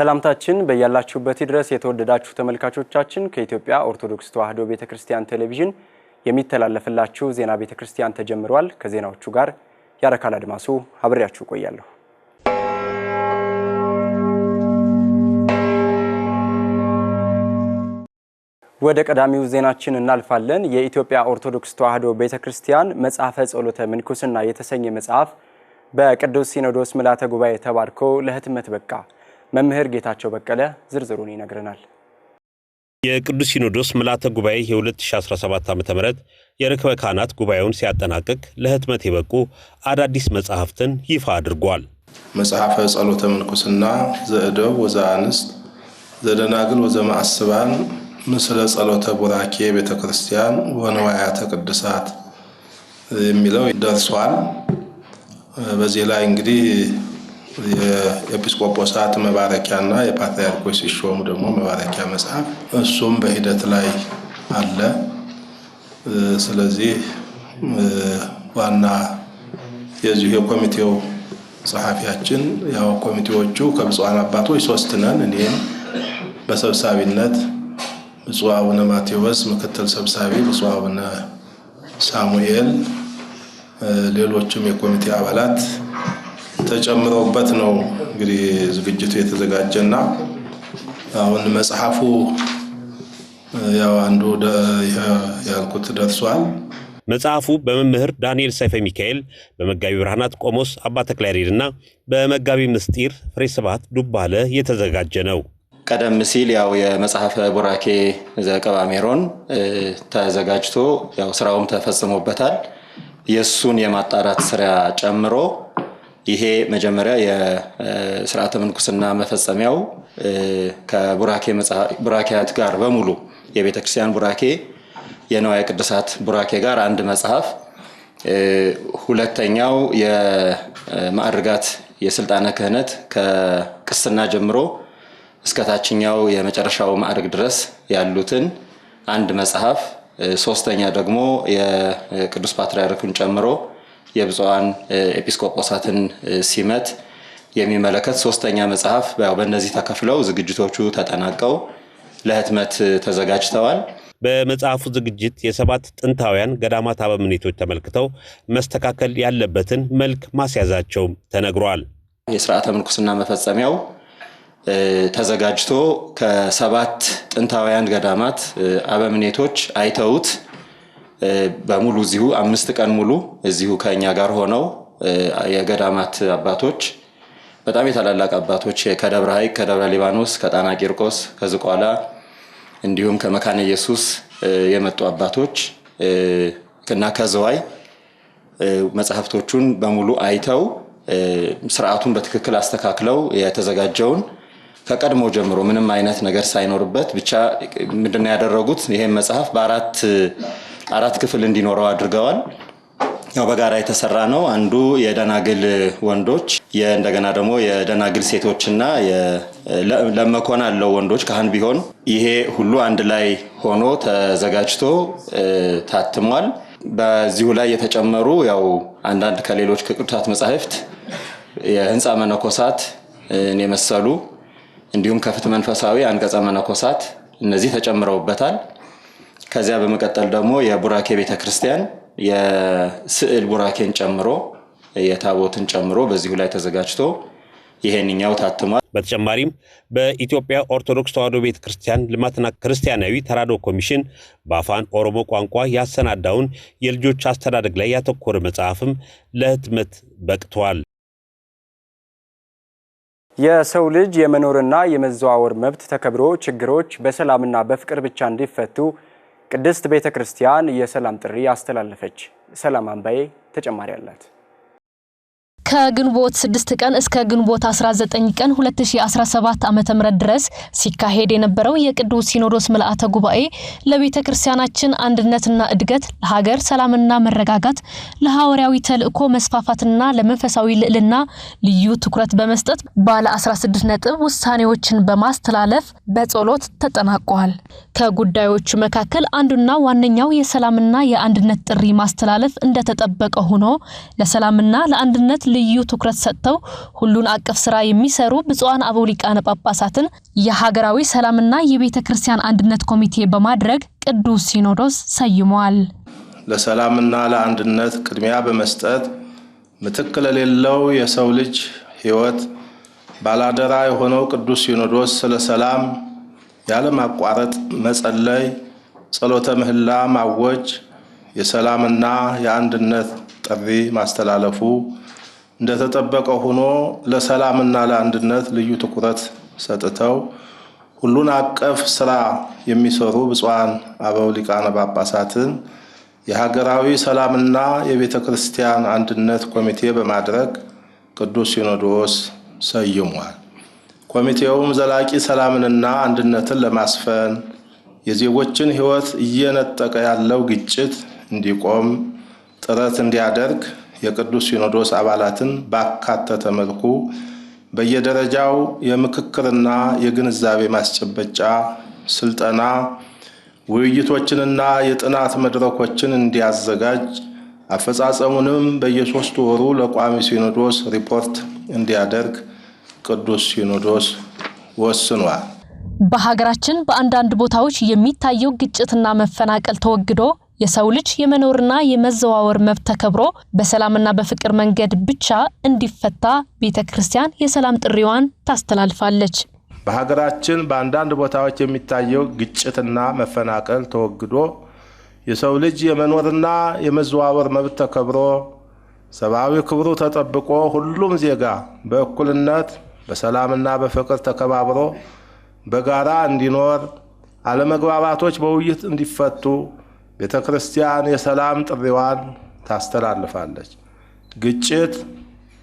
ሰላምታችን በያላችሁበት ድረስ የተወደዳችሁ ተመልካቾቻችን ከኢትዮጵያ ኦርቶዶክስ ተዋሕዶ ቤተ ክርስቲያን ቴሌቪዥን የሚተላለፍላችሁ ዜና ቤተ ክርስቲያን ተጀምሯል። ከዜናዎቹ ጋር ያረካል አድማሱ አብሬያችሁ ቆያለሁ። ወደ ቀዳሚው ዜናችን እናልፋለን። የኢትዮጵያ ኦርቶዶክስ ተዋሕዶ ቤተ ክርስቲያን መጽሐፈ ጸሎተ ምንኩስና የተሰኘ መጽሐፍ በቅዱስ ሲኖዶስ ምልዓተ ጉባኤ ተባርኮ ለህትመት በቃ። መምህር ጌታቸው በቀለ ዝርዝሩን ይነግረናል። የቅዱስ ሲኖዶስ ምልዓተ ጉባኤ የ2017 ዓ ም የርክበ ካህናት ጉባኤውን ሲያጠናቅቅ ለህትመት የበቁ አዳዲስ መጽሐፍትን ይፋ አድርጓል። መጽሐፈ ጸሎተ ምንኩስና ዘእደው ወዘ አንስት ዘደናግል ወዘማአስባን ምስለ ጸሎተ ቡራኬ ቤተ ክርስቲያን ወንዋያተ ቅድሳት የሚለው ደርሷል። በዚህ ላይ እንግዲህ የኤጲስቆጶሳት መባረኪያና የፓትርያርኮች ሲሾሙ ደግሞ መባረኪያ መጽሐፍ እሱም በሂደት ላይ አለ። ስለዚህ ዋና የዚሁ የኮሚቴው ጸሐፊያችን ያው ኮሚቴዎቹ ከብፁዓን አባቶች ሶስት ነን። እኔም በሰብሳቢነት ብፁዕ አቡነ ማቴዎስ ምክትል ሰብሳቢ፣ ብፁዕ አቡነ ሳሙኤል፣ ሌሎችም የኮሚቴ አባላት ተጨምሮበት ነው እንግዲህ ዝግጅቱ የተዘጋጀና አሁን መጽሐፉ ያው አንዱ ያልኩት ደርሷል። መጽሐፉ በመምህር ዳንኤል ሰይፈ ሚካኤል በመጋቢ ብርሃናት ቆሞስ አባ እና በመጋቢ ምስጢር ፍሬ ስብሐት ዱባለ የተዘጋጀ ነው። ቀደም ሲል ያው የመጽሐፈ ቡራኬ ዘቀባሜሮን ተዘጋጅቶ ያው ስራውም ተፈጽሞበታል። የእሱን የማጣራት ስራ ጨምሮ ይሄ መጀመሪያ የስርዓተ ምንኩስና መፈጸሚያው ከቡራኬያት ጋር በሙሉ የቤተክርስቲያን ቡራኬ፣ የንዋየ ቅድሳት ቡራኬ ጋር አንድ መጽሐፍ፣ ሁለተኛው የማዕርጋት የስልጣነ ክህነት ከቅስና ጀምሮ እስከ ታችኛው የመጨረሻው ማዕረግ ድረስ ያሉትን አንድ መጽሐፍ፣ ሶስተኛ ደግሞ የቅዱስ ፓትርያርኩን ጨምሮ የብፁዓን ኤጲስቆጶሳትን ሲመት የሚመለከት ሶስተኛ መጽሐፍ በእነዚህ ተከፍለው ዝግጅቶቹ ተጠናቀው ለህትመት ተዘጋጅተዋል። በመጽሐፉ ዝግጅት የሰባት ጥንታውያን ገዳማት አበምኔቶች ተመልክተው መስተካከል ያለበትን መልክ ማስያዛቸው ተነግሯል። የስርዓተ ምንኩስና መፈጸሚያው ተዘጋጅቶ ከሰባት ጥንታውያን ገዳማት አበምኔቶች አይተውት በሙሉ እዚሁ አምስት ቀን ሙሉ እዚሁ ከእኛ ጋር ሆነው የገዳማት አባቶች በጣም የታላላቅ አባቶች ከደብረ ሐይቅ፣ ከደብረ ሊባኖስ፣ ከጣና ቂርቆስ፣ ከዝቋላ እንዲሁም ከመካነ ኢየሱስ የመጡ አባቶች እና ከዝዋይ መጽሐፍቶቹን በሙሉ አይተው ስርዓቱን በትክክል አስተካክለው የተዘጋጀውን ከቀድሞ ጀምሮ ምንም አይነት ነገር ሳይኖርበት ብቻ ምንድን ነው ያደረጉት? ይህም መጽሐፍ በአራት አራት ክፍል እንዲኖረው አድርገዋል። ያው በጋራ የተሰራ ነው። አንዱ የደናግል ወንዶች እንደገና ደግሞ የደናግል ሴቶችና ለመኮን አለው ወንዶች ካህን ቢሆን ይሄ ሁሉ አንድ ላይ ሆኖ ተዘጋጅቶ ታትሟል። በዚሁ ላይ የተጨመሩ ያው አንዳንድ ከሌሎች ከቅዱሳት መጻሕፍት የህንፃ መነኮሳት የመሰሉ እንዲሁም ከፍት መንፈሳዊ አንቀጸ መነኮሳት እነዚህ ተጨምረውበታል። ከዚያ በመቀጠል ደግሞ የቡራኬ ቤተ ክርስቲያን የስዕል ቡራኬን ጨምሮ የታቦትን ጨምሮ በዚሁ ላይ ተዘጋጅቶ ይሄንኛው ታትሟል። በተጨማሪም በኢትዮጵያ ኦርቶዶክስ ተዋህዶ ቤተ ክርስቲያን ልማትና ክርስቲያናዊ ተራዶ ኮሚሽን በአፋን ኦሮሞ ቋንቋ ያሰናዳውን የልጆች አስተዳደግ ላይ ያተኮረ መጽሐፍም ለህትመት በቅተዋል። የሰው ልጅ የመኖርና የመዘዋወር መብት ተከብሮ ችግሮች በሰላምና በፍቅር ብቻ እንዲፈቱ ቅድስት ቤተ ክርስቲያን የሰላም ጥሪ አስተላለፈች። ሰላም አምባዬ ተጨማሪ አላት። ከግንቦት 6 ቀን እስከ ግንቦት 19 ቀን 2017 ዓ.ም ድረስ ሲካሄድ የነበረው የቅዱስ ሲኖዶስ ምልአተ ጉባኤ ለቤተ ክርስቲያናችን አንድነትና እድገት፣ ለሀገር ሰላምና መረጋጋት፣ ለሐዋርያዊ ተልእኮ መስፋፋትና ለመንፈሳዊ ልዕልና ልዩ ትኩረት በመስጠት ባለ 16 ነጥብ ውሳኔዎችን በማስተላለፍ በጸሎት ተጠናቋል። ከጉዳዮቹ መካከል አንዱና ዋነኛው የሰላምና የአንድነት ጥሪ ማስተላለፍ እንደተጠበቀ ሆኖ ለሰላምና ለአንድነት ልዩ ትኩረት ሰጥተው ሁሉን አቀፍ ስራ የሚሰሩ ብፁዓን አበው ሊቃነ ጳጳሳትን የሀገራዊ ሰላምና የቤተ ክርስቲያን አንድነት ኮሚቴ በማድረግ ቅዱስ ሲኖዶስ ሰይሟል። ለሰላምና ለአንድነት ቅድሚያ በመስጠት ምትክ ለሌለው የሰው ልጅ ሕይወት ባላደራ የሆነው ቅዱስ ሲኖዶስ ስለ ሰላም ያለማቋረጥ መጸለይ፣ ጸሎተ ምህላ ማወጅ፣ የሰላምና የአንድነት ጥሪ ማስተላለፉ እንደተጠበቀ ሆኖ ለሰላምና ለአንድነት ልዩ ትኩረት ሰጥተው ሁሉን አቀፍ ስራ የሚሰሩ ብፁዓን አበው ሊቃነ ጳጳሳትን የሀገራዊ ሰላምና የቤተ ክርስቲያን አንድነት ኮሚቴ በማድረግ ቅዱስ ሲኖዶስ ሰይሟል። ኮሚቴውም ዘላቂ ሰላምንና አንድነትን ለማስፈን የዜጎችን ሕይወት እየነጠቀ ያለው ግጭት እንዲቆም ጥረት እንዲያደርግ የቅዱስ ሲኖዶስ አባላትን ባካተተ መልኩ በየደረጃው የምክክርና የግንዛቤ ማስጨበጫ ስልጠና ውይይቶችንና የጥናት መድረኮችን እንዲያዘጋጅ አፈጻጸሙንም በየሶስት ወሩ ለቋሚ ሲኖዶስ ሪፖርት እንዲያደርግ ቅዱስ ሲኖዶስ ወስኗል። በሀገራችን በአንዳንድ ቦታዎች የሚታየው ግጭትና መፈናቀል ተወግዶ የሰው ልጅ የመኖርና የመዘዋወር መብት ተከብሮ በሰላምና በፍቅር መንገድ ብቻ እንዲፈታ ቤተ ክርስቲያን የሰላም ጥሪዋን ታስተላልፋለች። በሀገራችን በአንዳንድ ቦታዎች የሚታየው ግጭትና መፈናቀል ተወግዶ የሰው ልጅ የመኖርና የመዘዋወር መብት ተከብሮ ሰብአዊ ክብሩ ተጠብቆ ሁሉም ዜጋ በእኩልነት በሰላምና በፍቅር ተከባብሮ በጋራ እንዲኖር አለመግባባቶች በውይይት እንዲፈቱ ቤተ ክርስቲያን የሰላም ጥሪዋን ታስተላልፋለች። ግጭት፣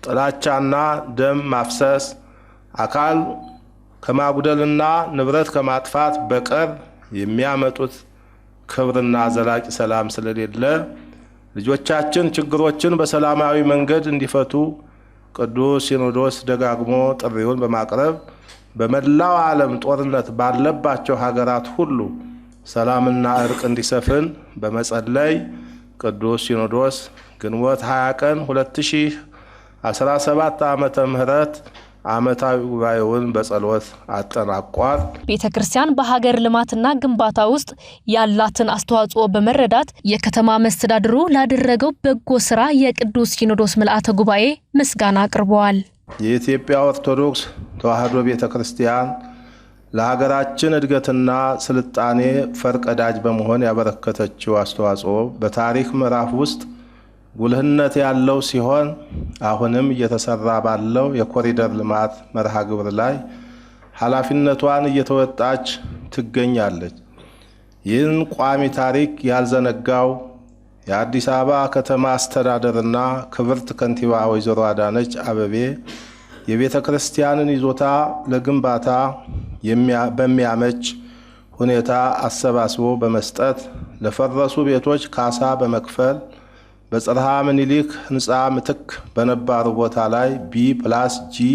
ጥላቻና ደም ማፍሰስ አካል ከማጉደልና ንብረት ከማጥፋት በቀር የሚያመጡት ክብርና ዘላቂ ሰላም ስለሌለ ልጆቻችን ችግሮችን በሰላማዊ መንገድ እንዲፈቱ ቅዱስ ሲኖዶስ ደጋግሞ ጥሪውን በማቅረብ በመላው ዓለም ጦርነት ባለባቸው ሀገራት ሁሉ ሰላምና እርቅ እንዲሰፍን በመጸለይ ቅዱስ ሲኖዶስ ግንቦት 20 ቀን 2017 ዓመተ ምህረት ዓመታዊ ጉባኤውን በጸሎት አጠናቋል። ቤተ ክርስቲያን በሀገር ልማትና ግንባታ ውስጥ ያላትን አስተዋጽኦ በመረዳት የከተማ መስተዳድሩ ላደረገው በጎ ስራ የቅዱስ ሲኖዶስ ምልአተ ጉባኤ ምስጋና አቅርበዋል። የኢትዮጵያ ኦርቶዶክስ ተዋሕዶ ቤተ ክርስቲያን ለሀገራችን እድገትና ስልጣኔ ፈርቀዳጅ በመሆን ያበረከተችው አስተዋጽኦ በታሪክ ምዕራፍ ውስጥ ጉልህነት ያለው ሲሆን አሁንም እየተሰራ ባለው የኮሪደር ልማት መርሃ ግብር ላይ ኃላፊነቷን እየተወጣች ትገኛለች። ይህን ቋሚ ታሪክ ያልዘነጋው የአዲስ አበባ ከተማ አስተዳደርና ክብርት ከንቲባ ወይዘሮ አዳነች አበቤ። የቤተ ክርስቲያንን ይዞታ ለግንባታ በሚያመች ሁኔታ አሰባስቦ በመስጠት ለፈረሱ ቤቶች ካሳ በመክፈል በጽርሃ ምኒልክ ህንፃ ምትክ በነባሩ ቦታ ላይ ቢ ፕላስ ጂ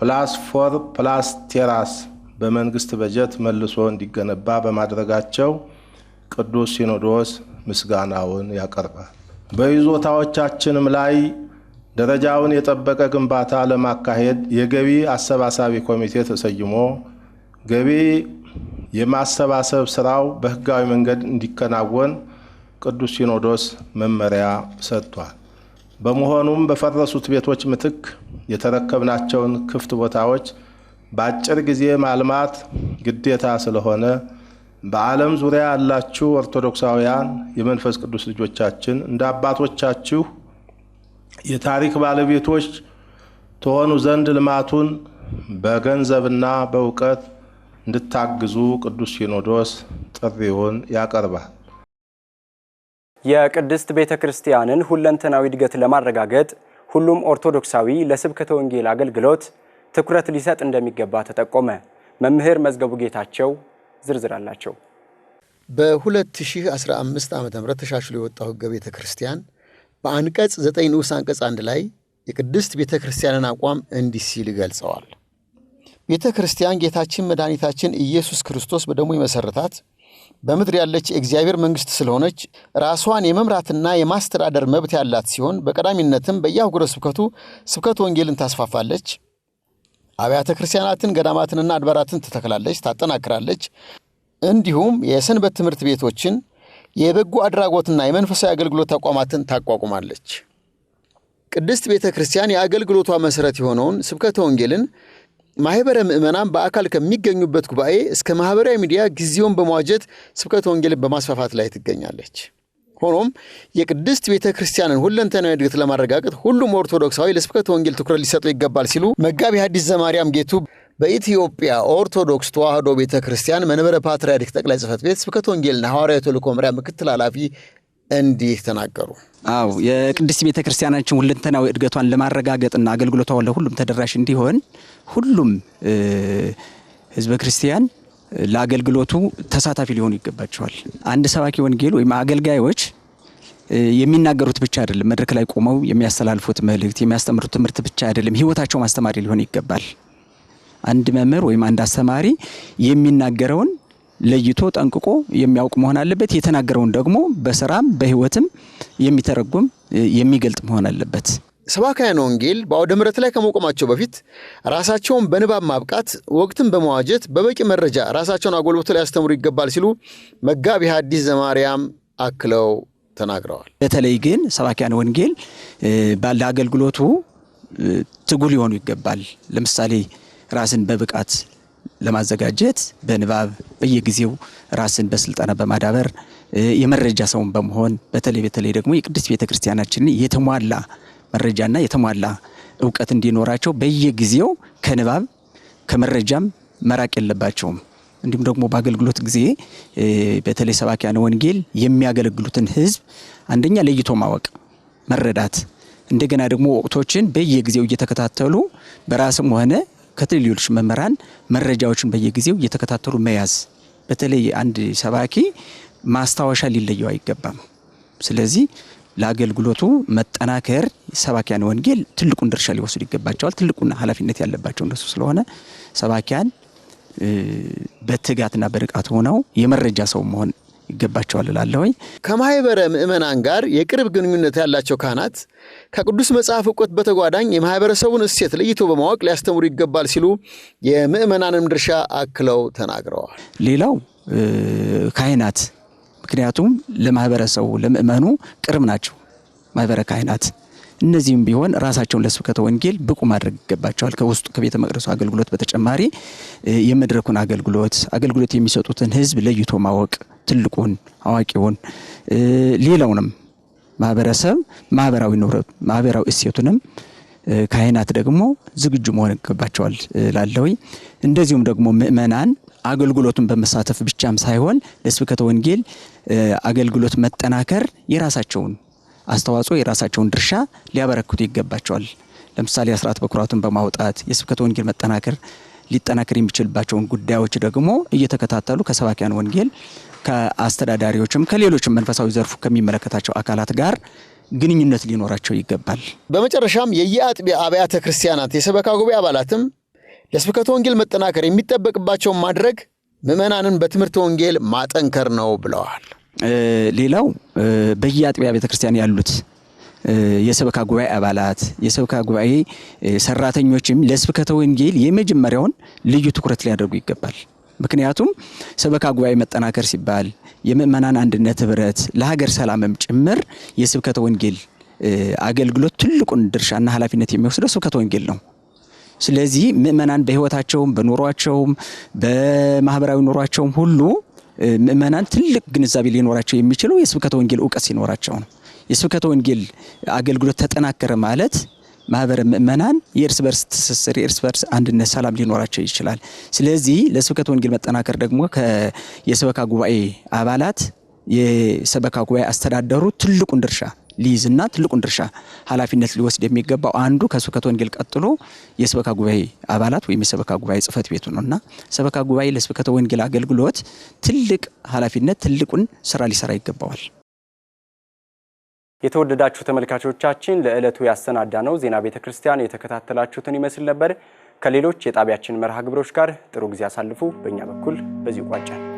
ፕላስ ፎር ፕላስ ቴራስ በመንግስት በጀት መልሶ እንዲገነባ በማድረጋቸው ቅዱስ ሲኖዶስ ምስጋናውን ያቀርባል። በይዞታዎቻችንም ላይ ደረጃውን የጠበቀ ግንባታ ለማካሄድ የገቢ አሰባሳቢ ኮሚቴ ተሰይሞ ገቢ የማሰባሰብ ስራው በህጋዊ መንገድ እንዲከናወን ቅዱስ ሲኖዶስ መመሪያ ሰጥቷል። በመሆኑም በፈረሱት ቤቶች ምትክ የተረከብናቸውን ክፍት ቦታዎች በአጭር ጊዜ ማልማት ግዴታ ስለሆነ በዓለም ዙሪያ ያላችሁ ኦርቶዶክሳውያን የመንፈስ ቅዱስ ልጆቻችን እንደ አባቶቻችሁ የታሪክ ባለቤቶች ተሆኑ ዘንድ ልማቱን በገንዘብና በእውቀት እንድታግዙ ቅዱስ ሲኖዶስ ጥሪውን ያቀርባል። የቅድስት ቤተ ክርስቲያንን ሁለንተናዊ እድገት ለማረጋገጥ ሁሉም ኦርቶዶክሳዊ ለስብከተ ወንጌል አገልግሎት ትኩረት ሊሰጥ እንደሚገባ ተጠቆመ። መምህር መዝገቡ ጌታቸው ዝርዝር አላቸው። በ2015 ዓ ም ተሻሽሎ የወጣው ህገ ቤተ ክርስቲያን በአንቀጽ 9 ንዑስ አንቀጽ 1 ላይ የቅድስት ቤተ ክርስቲያንን አቋም እንዲህ ሲል ገልጸዋል። ቤተ ክርስቲያን ጌታችን መድኃኒታችን ኢየሱስ ክርስቶስ በደሙ የመሠረታት በምድር ያለች የእግዚአብሔር መንግሥት ስለሆነች ራሷን የመምራትና የማስተዳደር መብት ያላት ሲሆን በቀዳሚነትም በየአህጉረ ስብከቱ ስብከት ወንጌልን ታስፋፋለች። አብያተ ክርስቲያናትን ገዳማትንና አድባራትን ትተክላለች፣ ታጠናክራለች። እንዲሁም የሰንበት ትምህርት ቤቶችን የበጎ አድራጎትና የመንፈሳዊ አገልግሎት ተቋማትን ታቋቁማለች። ቅድስት ቤተ ክርስቲያን የአገልግሎቷ መሠረት የሆነውን ስብከተ ወንጌልን ማኅበረ ምዕመናን በአካል ከሚገኙበት ጉባኤ እስከ ማኅበራዊ ሚዲያ ጊዜውን በመዋጀት ስብከተ ወንጌልን በማስፋፋት ላይ ትገኛለች። ሆኖም የቅድስት ቤተ ክርስቲያንን ሁለንተናዊ እድገት ለማረጋገጥ ሁሉም ኦርቶዶክሳዊ ለስብከተ ወንጌል ትኩረት ሊሰጠው ይገባል ሲሉ መጋቢ ሐዲስ ዘማርያም ጌቱ በኢትዮጵያ ኦርቶዶክስ ተዋህዶ ቤተ ክርስቲያን መንበረ ፓትርያርክ ጠቅላይ ጽፈት ቤት ስብከተ ወንጌልና ሐዋርያዊ ተልእኮ መምሪያ ምክትል ኃላፊ እንዲህ ተናገሩ። አው የቅድስት ቤተ ክርስቲያናችን ሁለንተናዊ እድገቷን ለማረጋገጥና አገልግሎቷ ለሁሉም ተደራሽ እንዲሆን ሁሉም ህዝበ ክርስቲያን ለአገልግሎቱ ተሳታፊ ሊሆኑ ይገባቸዋል። አንድ ሰባኪ ወንጌል ወይም አገልጋዮች የሚናገሩት ብቻ አይደለም፣ መድረክ ላይ ቆመው የሚያስተላልፉት መልእክት የሚያስተምሩት ትምህርት ብቻ አይደለም፣ ህይወታቸው ማስተማሪ ሊሆን ይገባል። አንድ መምህር ወይም አንድ አስተማሪ የሚናገረውን ለይቶ ጠንቅቆ የሚያውቅ መሆን አለበት። የተናገረውን ደግሞ በስራም በህይወትም የሚተረጉም የሚገልጥ መሆን አለበት። ሰባካያን ወንጌል በአውደ ምረት ላይ ከመቆማቸው በፊት ራሳቸውን በንባብ ማብቃት፣ ወቅትን በመዋጀት በበቂ መረጃ ራሳቸውን አጎልብቶ ሊያስተምሩ ይገባል ሲሉ መጋቢ ሐዲስ ዘማርያም አክለው ተናግረዋል። በተለይ ግን ሰባኪያን ወንጌል ባለ አገልግሎቱ ትጉ ሊሆኑ ይገባል። ለምሳሌ ራስን በብቃት ለማዘጋጀት በንባብ በየጊዜው ራስን በስልጠና በማዳበር የመረጃ ሰውን በመሆን በተለይ በተለይ ደግሞ የቅድስት ቤተ ክርስቲያናችንን የተሟላ መረጃና የተሟላ እውቀት እንዲኖራቸው በየጊዜው ከንባብ ከመረጃም መራቅ የለባቸውም። እንዲሁም ደግሞ በአገልግሎት ጊዜ በተለይ ሰባኪያን ወንጌል የሚያገለግሉትን ሕዝብ አንደኛ ለይቶ ማወቅ መረዳት፣ እንደገና ደግሞ ወቅቶችን በየጊዜው እየተከታተሉ በራስም ሆነ ከትልልዮች መምህራን መረጃዎችን በየጊዜው እየተከታተሉ መያዝ፣ በተለይ አንድ ሰባኪ ማስታወሻ ሊለየው አይገባም። ስለዚህ ለአገልግሎቱ መጠናከር ሰባኪያን ወንጌል ትልቁን ድርሻ ሊወስዱ ይገባቸዋል። ትልቁና ኃላፊነት ያለባቸው እንደሱ ስለሆነ ሰባኪያን በትጋትና በርቃት ሆነው የመረጃ ሰው መሆን ይገባቸዋል እላለሁኝ። ከማህበረ ምእመናን ጋር የቅርብ ግንኙነት ያላቸው ካህናት ከቅዱስ መጽሐፍ እውቀት በተጓዳኝ የማህበረሰቡን እሴት ለይቶ በማወቅ ሊያስተምሩ ይገባል ሲሉ የምእመናንም ድርሻ አክለው ተናግረዋል። ሌላው ካህናት ምክንያቱም ለማህበረሰቡ ለምዕመኑ ቅርብ ናቸው ማህበረ ካህናት። እነዚህም ቢሆን ራሳቸውን ለስብከተ ወንጌል ብቁ ማድረግ ይገባቸዋል። ከውስጡ ከቤተ መቅደሱ አገልግሎት በተጨማሪ የመድረኩን አገልግሎት አገልግሎት የሚሰጡትን ሕዝብ ለይቶ ማወቅ ትልቁን አዋቂውን ሌላውንም ማህበረሰብ ማህበራዊ ኑሮ ማህበራዊ እሴቱንም ካህናት ደግሞ ዝግጁ መሆን ይገባቸዋል ላለዊ እንደዚሁም ደግሞ ምእመናን አገልግሎቱን በመሳተፍ ብቻም ሳይሆን ለስብከተ ወንጌል አገልግሎት መጠናከር የራሳቸውን አስተዋጽኦ የራሳቸውን ድርሻ ሊያበረክቱ ይገባቸዋል። ለምሳሌ አስራት በኩራቱን በማውጣት የስብከተ ወንጌል መጠናከር ሊጠናከር የሚችልባቸውን ጉዳዮች ደግሞ እየተከታተሉ ከሰባኪያን ወንጌል ከአስተዳዳሪዎችም ከሌሎችም መንፈሳዊ ዘርፉ ከሚመለከታቸው አካላት ጋር ግንኙነት ሊኖራቸው ይገባል። በመጨረሻም የየአጥቢያ አብያተ ክርስቲያናት የሰበካ ጉባኤ አባላትም ለስብከተ ወንጌል መጠናከር የሚጠበቅባቸውን ማድረግ፣ ምእመናንን በትምህርተ ወንጌል ማጠንከር ነው ብለዋል። ሌላው በየአጥቢያ ቤተ ክርስቲያን ያሉት የሰበካ ጉባኤ አባላት የሰበካ ጉባኤ ሰራተኞችም ለስብከተ ወንጌል የመጀመሪያውን ልዩ ትኩረት ሊያደርጉ ይገባል። ምክንያቱም ሰበካ ጉባኤ መጠናከር ሲባል የምእመናን አንድነት ህብረት፣ ለሀገር ሰላምም ጭምር የስብከተ ወንጌል አገልግሎት ትልቁን ድርሻና ኃላፊነት የሚወስደው ስብከተ ወንጌል ነው። ስለዚህ ምእመናን በህይወታቸውም በኑሯቸውም በማህበራዊ ኑሯቸውም ሁሉ ምእመናን ትልቅ ግንዛቤ ሊኖራቸው የሚችለው የስብከተ ወንጌል እውቀት ሲኖራቸው ነው። የስብከተ ወንጌል አገልግሎት ተጠናከረ ማለት ማህበረ ምእመናን የእርስ በርስ ትስስር፣ የእርስ በርስ አንድነት፣ ሰላም ሊኖራቸው ይችላል። ስለዚህ ለስብከት ወንጌል መጠናከር ደግሞ የሰበካ ጉባኤ አባላት የሰበካ ጉባኤ አስተዳደሩ ትልቁን ድርሻ ሊይዝና ትልቁን ድርሻ ኃላፊነት ሊወስድ የሚገባው አንዱ ከስብከት ወንጌል ቀጥሎ የሰበካ ጉባኤ አባላት ወይም የሰበካ ጉባኤ ጽፈት ቤቱ ነው እና ሰበካ ጉባኤ ለስብከተ ወንጌል አገልግሎት ትልቅ ኃላፊነት ትልቁን ስራ ሊሰራ ይገባዋል። የተወደዳችሁ ተመልካቾቻችን ለዕለቱ ያሰናዳ ነው ዜና ቤተ ክርስቲያን የተከታተላችሁትን ይመስል ነበር። ከሌሎች የጣቢያችን መርሃ ግብሮች ጋር ጥሩ ጊዜ አሳልፉ። በእኛ በኩል በዚሁ ቋጫል።